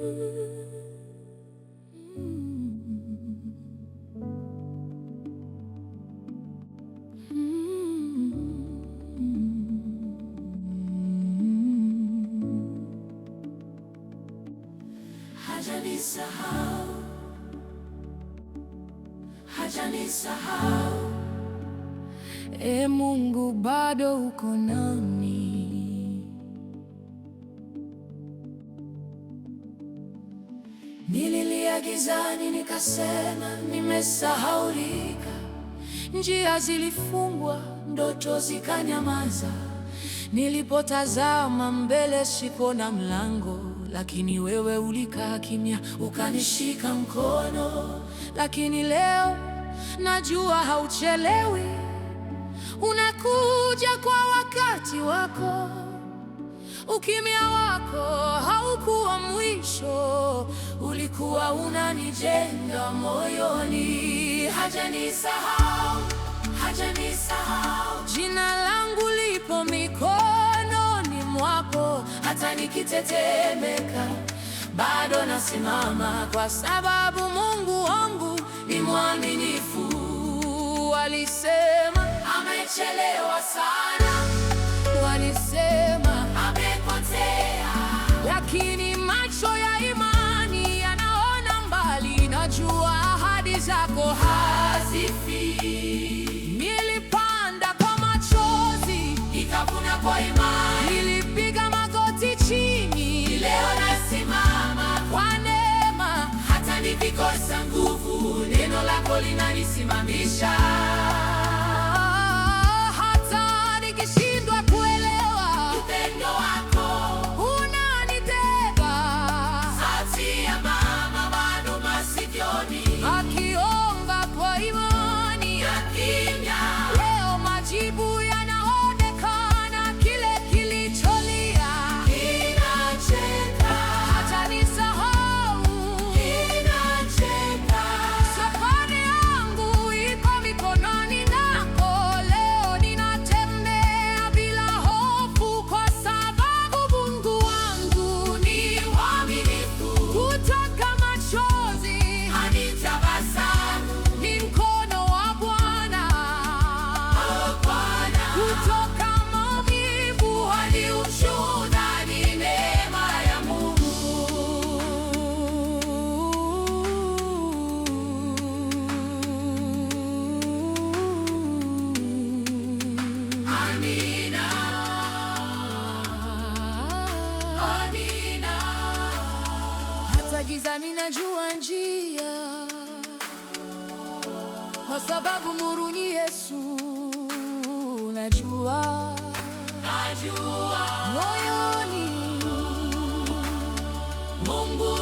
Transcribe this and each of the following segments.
Hajanisahau, hajanisahau. E Mungu, bado uko nami. gizani, nikasema nimesahaulika. Njia zilifungwa, ndoto zikanyamaza. Nilipotazama mbele sikuona mlango, lakini wewe ulikaa kimya, ukanishika mkono. Lakini leo najua hauchelewi, unakuja kwa wakati wako. Ukimya wako haukuwa kuwa unanijenga moyoni. Hajanisahau, hajanisahau, jina langu lipo mikononi mwako, hata nikitetemeka bado nasimama, kwa sababu Mungu wangu ni mwaminifu. Walisema amechelewa sana kwa imani, nilipiga magoti chini, leo nasimama kwa neema, hata nikikosa nguvu, neno lako linanisimamisha. njia, kwa sababu nuru ni Yesu. Najua, najua moyoni Mungu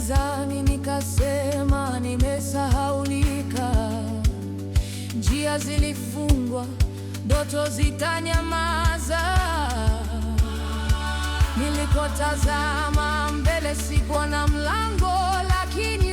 gizani, nikasema nimesahaulika. Njia zilifungwa, ndoto zitanyamaza. Nilikotazama mbele sikuwa na mlango, lakini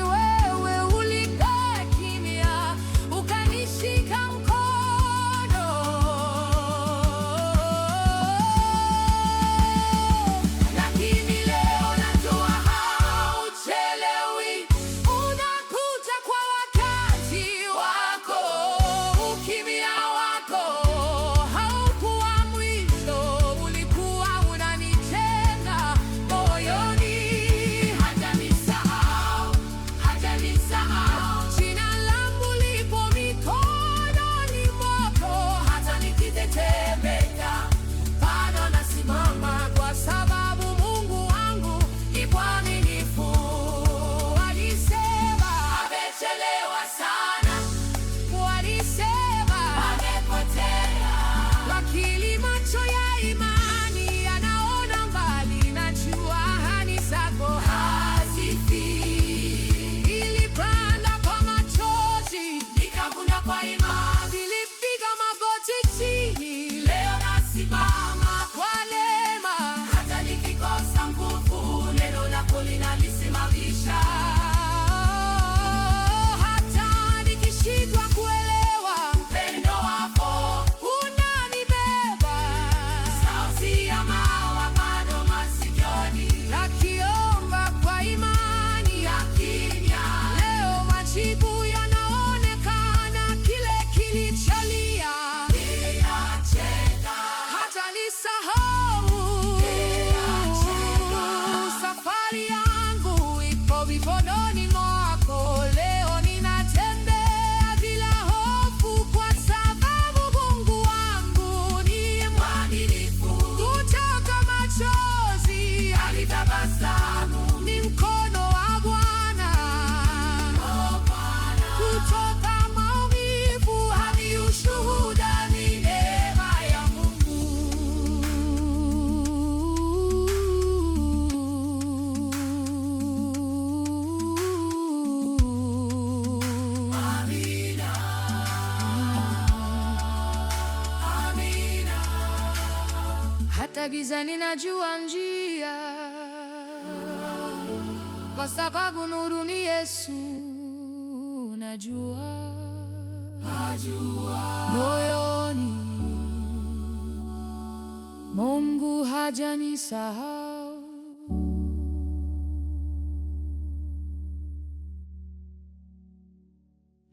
anónimo. hata gizani najua njia, kwa sababu nuru ni Yesu. Najua moyoni Mungu hajanisahau.